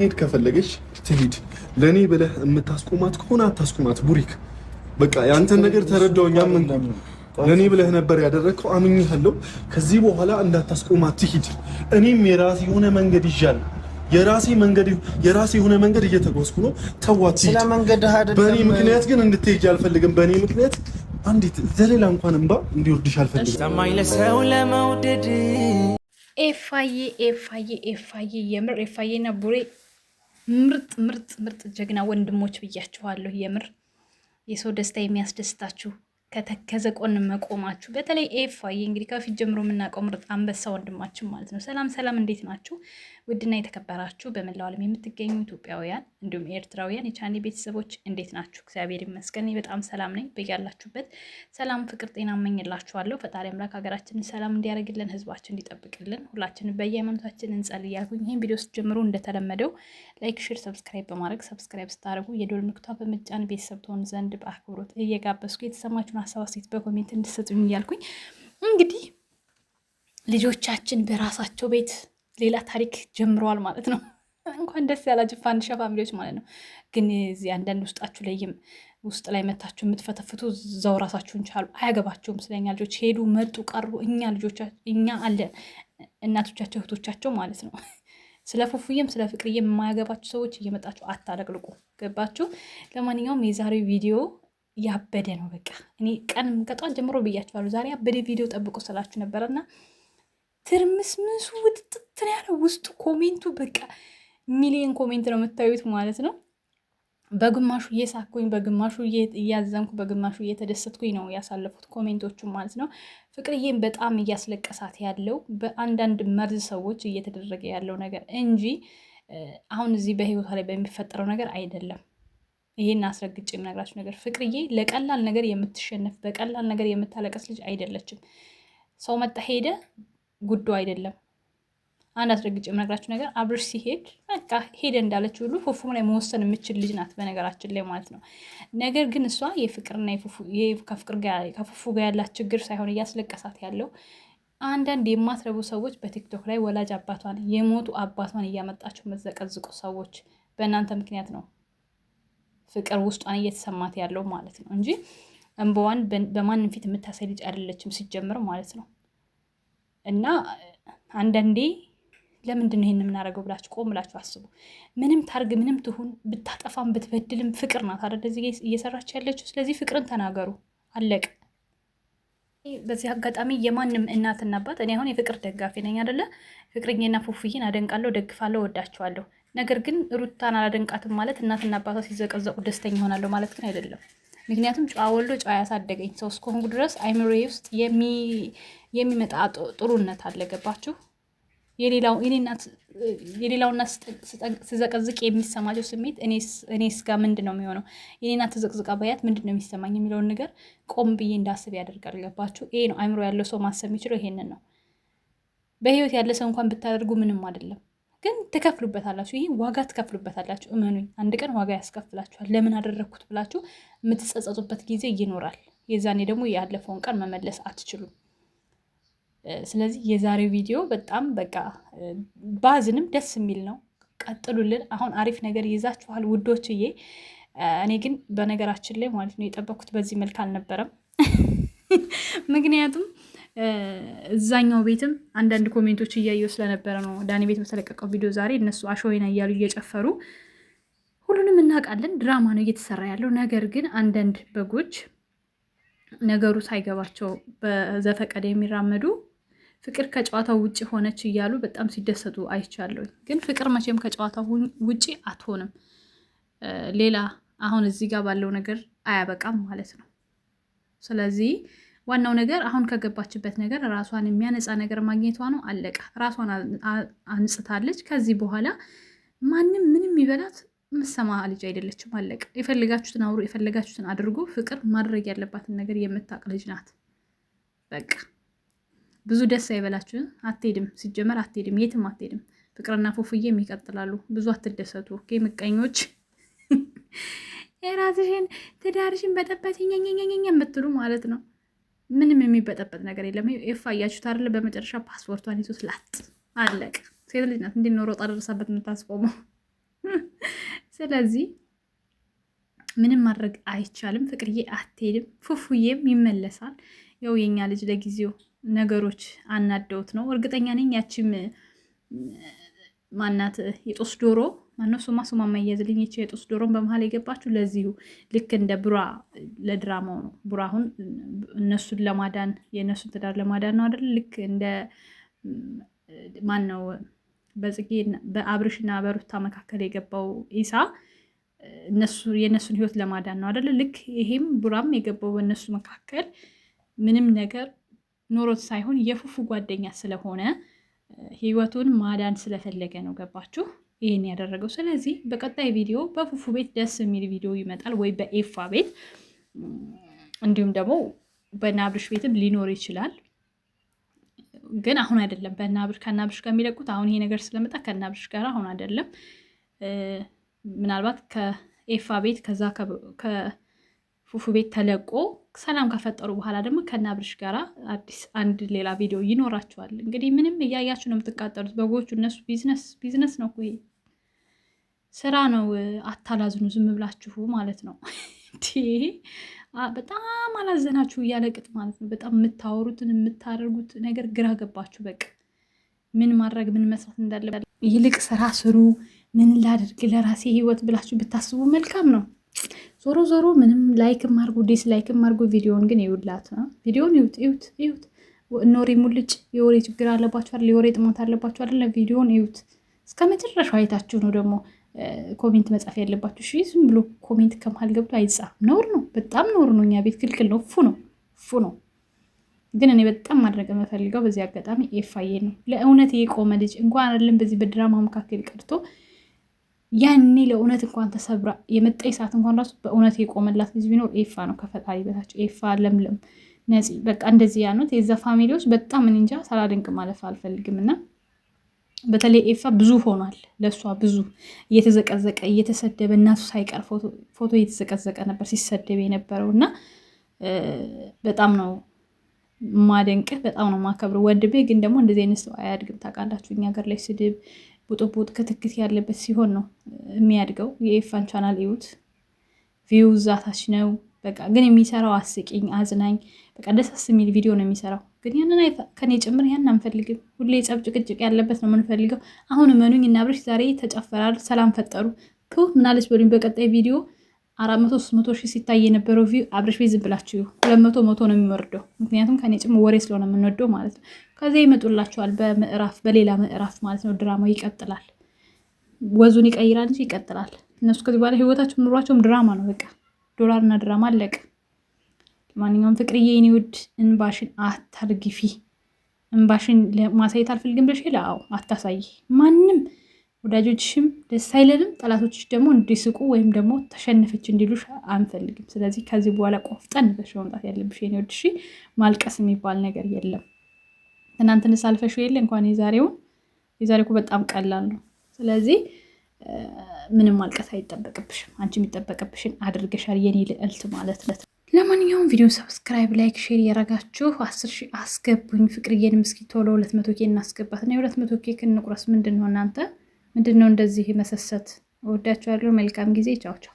ሄድ ከፈለገች ትሂድ። ለእኔ ብለህ የምታስቆማት ከሆነ አታስቆማት። ቡሪክ በቃ የአንተን ነገር ተረዳሁኝ። ለእኔ ብለህ ነበር ያደረግከው፣ አምኜሃለሁ። ከዚህ በኋላ እንዳታስቆማት ትሂድ። እኔም የራሴ የሆነ መንገድ ይዣለሁ። የራሴ መንገድ የራሴ የሆነ መንገድ እየተጓዝኩ ነው። ተዋት። በእኔ ምክንያት ግን እንድትሄጂ አልፈልግም። በእኔ ምክንያት አንዲት ዘሌላ እንኳን እንባ እንዲወርድሽ አልፈልግም። ሰማኝ ለሰው ለመውደድ ኤፋዬ ኤፋዬ ኤፋዬ የምር ኤፋዬና ቡሬ ምርጥ ምርጥ ምርጥ ጀግና ወንድሞች ብያችኋለሁ። የምር የሰው ደስታ የሚያስደስታችሁ ከተከዘ ቆን መቆማችሁ፣ በተለይ ኤፋዬ እንግዲህ ከፊት ጀምሮ የምናውቀው ምርጥ አንበሳ ወንድማችን ማለት ነው። ሰላም ሰላም፣ እንዴት ናችሁ? ውድና የተከበራችሁ በመላው ዓለም የምትገኙ ኢትዮጵያውያን እንዲሁም ኤርትራውያን የቻኔ ቤተሰቦች እንዴት ናችሁ? እግዚአብሔር ይመስገን በጣም ሰላም ነኝ። በያላችሁበት ሰላም፣ ፍቅር፣ ጤና እመኝላችኋለሁ። ፈጣሪ አምላክ ሀገራችንን ሰላም እንዲያደርግልን፣ ህዝባችን እንዲጠብቅልን ሁላችንም በየሃይማኖታችን እንጸል እያልኩኝ ይህን ቪዲዮ ስትጀምሩ እንደተለመደው ላይክ፣ ሼር፣ ሰብስክራይብ በማድረግ ሰብስክራይብ ስታደርጉ የዶል ምልክቷ በመጫን ቤተሰብ ትሆኑ ዘንድ በአክብሮት እየጋበዝኩ የተሰማችሁን ሀሳብ አስተያየት በኮሜንት እንድሰጡኝ እያልኩኝ እንግዲህ ልጆቻችን በራሳቸው ቤት ሌላ ታሪክ ጀምረዋል ማለት ነው። እንኳን ደስ ያላችሁ ፋንዲሻ ፋሚሊዎች ማለት ነው። ግን እዚህ አንዳንድ ውስጣችሁ ላይም ውስጥ ላይ መታችሁ የምትፈተፍቱ እዛው ራሳችሁን ቻሉ። አያገባቸውም ስለኛ ልጆች ሄዱ፣ መጡ፣ ቀሩ። እኛ ልጆች እኛ አለን እናቶቻቸው፣ እህቶቻቸው ማለት ነው። ስለ ፉፉዬም ስለ ፍቅርዬም የማያገባችሁ ሰዎች እየመጣችሁ አታለቅልቁ። ገባችሁ? ለማንኛውም የዛሬው ቪዲዮ ያበደ ነው። በቃ እኔ ቀን ከጧት ጀምሮ ብያችኋለሁ። ዛሬ ያበደ ቪዲዮ ጠብቆ ስላችሁ ነበረና ትርምስምሱ ውጥጥትን ያለ ውስጡ ኮሜንቱ በቃ ሚሊየን ኮሜንት ነው የምታዩት ማለት ነው። በግማሹ እየሳኩኝ በግማሹ እያዘንኩ በግማሹ እየተደሰትኩኝ ነው ያሳለፉት ኮሜንቶቹ ማለት ነው። ፍቅርዬን በጣም እያስለቀሳት ያለው በአንዳንድ መርዝ ሰዎች እየተደረገ ያለው ነገር እንጂ አሁን እዚህ በህይወቷ ላይ በሚፈጠረው ነገር አይደለም። ይሄን አስረግጬ የምነግራችሁ ነገር ፍቅርዬ ለቀላል ነገር የምትሸነፍ በቀላል ነገር የምታለቀስ ልጅ አይደለችም። ሰው መጣ ሄደ ጉዶ አይደለም። አንድ አስረግጬ የምነግራችሁ ነገር አብርሽ ሲሄድ በቃ ሄደ እንዳለች ሁሉ ፉፉም ላይ መወሰን የምችል ልጅ ናት በነገራችን ላይ ማለት ነው። ነገር ግን እሷ የፍቅርና ከፉፉ ጋር ያላት ችግር ሳይሆን እያስለቀሳት ያለው አንዳንድ የማትረቡ ሰዎች በቲክቶክ ላይ ወላጅ አባቷን የሞቱ አባቷን እያመጣችሁ መዘቀዝቁ ሰዎች በእናንተ ምክንያት ነው ፍቅር ውስጧን እየተሰማት ያለው ማለት ነው እንጂ እንበዋን በማንም ፊት የምታሳይ ልጅ አይደለችም ሲጀምር ማለት ነው እና አንዳንዴ ለምንድን ነው ይሄን የምናደርገው ብላችሁ ቆም ብላችሁ አስቡ። ምንም ታርግ፣ ምንም ትሁን፣ ብታጠፋም ብትበድልም ፍቅር ናት አይደል እዚህ እየሰራች ያለችው። ስለዚህ ፍቅርን ተናገሩ፣ አለቀ። በዚህ አጋጣሚ የማንም እናትና አባት እኔ አሁን የፍቅር ደጋፊ ነኝ አይደለ፣ ፍቅርዬና ፉፉዬን አደንቃለሁ፣ ደግፋለሁ፣ ወዳቸዋለሁ። ነገር ግን ሩታን አላደንቃትም ማለት እናትና አባቷ ሲዘቀዘቁ ደስተኛ ይሆናለሁ ማለት ግን አይደለም። ምክንያቱም ጨዋ ወልዶ ጨዋ ያሳደገኝ ሰው እስከሆንኩ ድረስ አይምሮዬ ውስጥ የሚመጣ ጥሩነት አለገባችሁ። የሌላው ና ስዘቀዝቅ የሚሰማቸው ስሜት እኔ ስጋ ምንድን ነው የሚሆነው? የኔና ተዘቅዝቃ ባያት ምንድን ነው የሚሰማኝ የሚለውን ነገር ቆም ብዬ እንዳስብ ያደርጋል። ገባችሁ? ይሄ ነው አይምሮ ያለው ሰው ማሰብ የሚችለው ይሄንን ነው። በህይወት ያለ ሰው እንኳን ብታደርጉ ምንም አይደለም፣ ግን ትከፍሉበታላችሁ። ይህ ዋጋ ትከፍሉበታላችሁ። እመኑኝ፣ አንድ ቀን ዋጋ ያስከፍላችኋል። ለምን አደረግኩት ብላችሁ የምትጸጸጡበት ጊዜ ይኖራል። የዛኔ ደግሞ ያለፈውን ቀን መመለስ አትችሉም። ስለዚህ የዛሬው ቪዲዮ በጣም በቃ ባዝንም ደስ የሚል ነው። ቀጥሉልን። አሁን አሪፍ ነገር ይዛችኋል ውዶችዬ። እኔ ግን በነገራችን ላይ ማለት ነው የጠበኩት በዚህ መልክ አልነበረም። ምክንያቱም እዛኛው ቤትም አንዳንድ ኮሜንቶች እያየው ስለነበረ ነው። ዳኒ ቤት በተለቀቀው ቪዲዮ ዛሬ እነሱ አሸወይና እያሉ እየጨፈሩ ሁሉንም እናውቃለን፣ ድራማ ነው እየተሰራ ያለው። ነገር ግን አንዳንድ በጎች ነገሩ ሳይገባቸው በዘፈቀደ የሚራመዱ ፍቅር ከጨዋታው ውጭ ሆነች እያሉ በጣም ሲደሰቱ አይቻለሁኝ። ግን ፍቅር መቼም ከጨዋታው ውጭ አትሆንም። ሌላ አሁን እዚህ ጋር ባለው ነገር አያበቃም ማለት ነው። ስለዚህ ዋናው ነገር አሁን ከገባችበት ነገር ራሷን የሚያነጻ ነገር ማግኘቷ ነው። አለቀ። ራሷን አንጽታለች። ከዚህ በኋላ ማንም ምንም ይበላት ምሰማ ልጅ አይደለችም። አለቀ። የፈለጋችሁትን አውሩ፣ የፈለጋችሁትን አድርጎ ፍቅር ማድረግ ያለባትን ነገር የምታውቅ ልጅ ናት። በቃ ብዙ ደስ አይበላችሁ። አትሄድም፣ ሲጀመር አትሄድም፣ የትም አትሄድም። ፍቅርና ፉፉዬም ይቀጥላሉ። ብዙ አትደሰቱ። ኦኬ ምቀኞች፣ የራስሽን ትዳርሽን በጠበት ኛኛኛኛኛ የምትሉ ማለት ነው። ምንም የሚበጠበት ነገር የለም። ኤፋ እያችሁት አይደለ? በመጨረሻ ፓስፖርቷን ይዞ ስላጥ አለቅ። ሴት ልጅ ናት እንዲህ ኖሮ ጣደረሳበት የምታስቆመው። ስለዚህ ምንም ማድረግ አይቻልም። ፍቅርዬ አትሄድም፣ ፉፉዬም ይመለሳል። ያው የኛ ልጅ ለጊዜው ነገሮች አናደውት ነው። እርግጠኛ ነኝ ያቺም ማናት የጦስ ዶሮ ማነው ሱማ ሱማ ማያዝልኝ ይቺ የጦስ ዶሮን በመሀል የገባችሁ ለዚሁ ልክ እንደ ቡራ ለድራማው ነው። ቡራ አሁን እነሱን ለማዳን የእነሱን ትዳር ለማዳን ነው አይደል? ልክ እንደ ማን ነው በጽጌ በአብርሽና በሩታ መካከል የገባው ኢሳ የእነሱን ህይወት ለማዳን ነው አይደል? ልክ ይሄም ቡራም የገባው በእነሱ መካከል ምንም ነገር ኖሮት ሳይሆን የፉፉ ጓደኛ ስለሆነ ህይወቱን ማዳን ስለፈለገ ነው። ገባችሁ? ይህን ያደረገው። ስለዚህ በቀጣይ ቪዲዮ በፉፉ ቤት ደስ የሚል ቪዲዮ ይመጣል፣ ወይ በኤፋ ቤት እንዲሁም ደግሞ በናብርሽ ቤትም ሊኖር ይችላል። ግን አሁን አይደለም። በናብርሽ ከናብርሽ ጋር የሚለቁት አሁን ይሄ ነገር ስለመጣ ከናብርሽ ጋር አሁን አይደለም። ምናልባት ከኤፋ ቤት ከዛ ከፉፉ ቤት ተለቆ ሰላም ከፈጠሩ በኋላ ደግሞ ከናብርሽ አብርሽ ጋራ አዲስ አንድ ሌላ ቪዲዮ ይኖራቸዋል። እንግዲህ ምንም እያያችሁ ነው የምትቃጠሉት በጎቹ። እነሱ ቢዝነስ ቢዝነስ ነው ይሄ ስራ ነው። አታላዝኑ ዝም ብላችሁ ማለት ነው። በጣም አላዘናችሁ እያለቅጥ ማለት ነው። በጣም የምታወሩትን የምታደርጉት ነገር ግራ ገባችሁ። በቃ ምን ማድረግ ምን መስራት እንዳለ ይልቅ ስራ ስሩ። ምን ላድርግ ለራሴ ህይወት ብላችሁ ብታስቡ መልካም ነው። ዞሮ ዞሮ ምንም ላይክም አርጉ ዲስላይክም አርጉ፣ ቪዲዮን ግን ይውላት ቪዲዮን ይዩት ይዩት ይዩት። ኖሪ ሙልጭ የወሬ ችግር አለባችኋል፣ የወሬ ጥሞት አለባችሁ አይደለ? ቪዲዮን ይዩት እስከ መጨረሻው አይታችሁ ነው ደግሞ ኮሜንት መጻፍ ያለባችሁ። እሺ ዝም ብሎ ኮሜንት ከመሀል ገብቶ አይጻፍም። ነውር ነው፣ በጣም ነውር ነው። እኛ ቤት ክልክል ነው፣ ፉ ነው፣ ፉ ነው። ግን እኔ በጣም ማድረግ የምፈልገው በዚህ አጋጣሚ ኤፋዬ ነው። ለእውነት የቆመ ልጅ እንኳን አይደለም በዚህ በድራማ መካከል ቀርቶ ያኔ ለእውነት እንኳን ተሰብራ የመጣ ሰዓት እንኳን ራሱ በእውነት የቆመላት ልጅ ቢኖር ኤፋ ነው። ከፈጣሪ በታች ኤፋ፣ ለምለም፣ ነፂ በቃ እንደዚህ ያኑት የዛ ፋሚሊዎች በጣም እኔ እንጃ ሳላደንቅ ማለፍ አልፈልግም። እና በተለይ ኤፋ ብዙ ሆኗል፣ ለእሷ ብዙ እየተዘቀዘቀ እየተሰደበ እናቱ ሳይቀር ፎቶ እየተዘቀዘቀ ነበር ሲሰደብ የነበረው እና በጣም ነው ማደንቅህ፣ በጣም ነው ማከብረው። ወንድሜ ግን ደግሞ እንደዚህ አይነት ሰው አያድግም። ታውቃላችሁ እኛ ሀገር ላይ ስድብ ቡጥቡጥ ክትክት ያለበት ሲሆን ነው የሚያድገው። የኤፋን ቻናል ይዩት፣ ቪው ዛታች ነው። በቃ ግን የሚሰራው አስቂኝ አዝናኝ፣ በቃ ደስ የሚል ቪዲዮ ነው የሚሰራው። ግን ያንን ከኔ ጭምር ያን አንፈልግም። ሁሌ ጸብ፣ ጭቅጭቅ ያለበት ነው የምንፈልገው። አሁን መኑኝ እና አብርሽ ዛሬ ተጨፈራል፣ ሰላም ፈጠሩ። ቱ ምናለች በሉኝ። በቀጣይ ቪዲዮ አራት መቶ ሶስት መቶ ሺህ ሲታይ የነበረው ቪው አብረሽ ቤት ዝም ብላችሁ ሁለት መቶ መቶ ነው የሚወርደው። ምክንያቱም ከኔ ጭም ወሬ ስለሆነ የምንወደው ማለት ነው። ከዚያ ይመጡላቸዋል በምዕራፍ በሌላ ምዕራፍ ማለት ነው። ድራማው ይቀጥላል። ወዙን ይቀይራል እንጂ ይቀጥላል። እነሱ ከዚህ በኋላ ህይወታቸው ኑሯቸውም ድራማ ነው። በቃ ዶላር ድራማ አለቀ። ማንኛውም ፍቅርዬ የኔ ውድ እንባሽን አታርግፊ። እንባሽን ማሳየት አልፈልግም ብለሽ ሄላ አታሳይ ማንም ወዳጆችሽም ደስ አይለንም። ጠላቶችሽ ደግሞ እንዲስቁ ወይም ደግሞ ተሸነፈች እንዲሉሽ አንፈልግም። ስለዚህ ከዚህ በኋላ ቆፍጠን ብለሽ መምጣት ያለብሽ የኔ ወድሽ። ማልቀስ የሚባል ነገር የለም። ትናንትን ሳልፈሽ የለ እንኳን የዛሬውን የዛሬ በጣም ቀላል ነው። ስለዚህ ምንም ማልቀስ አይጠበቅብሽም። አንቺ የሚጠበቅብሽን አድርገሻል የኔ ልዕልት ማለት ነው። ለማንኛውም ቪዲዮ ሰብስክራይብ፣ ላይክ፣ ሼር እያረጋችሁ አስር ሺህ አስገቡኝ። ፍቅርዬንም ምስኪ ቶሎ ሁለት መቶ ኬ እናስገባት ነው። የሁለት መቶ ኬ ክንቁረስ ምንድን ነው እናንተ ምንድን ነው እንደዚህ መሰሰት። እወዳችኋለሁ። መልካም ጊዜ። ቻውቻው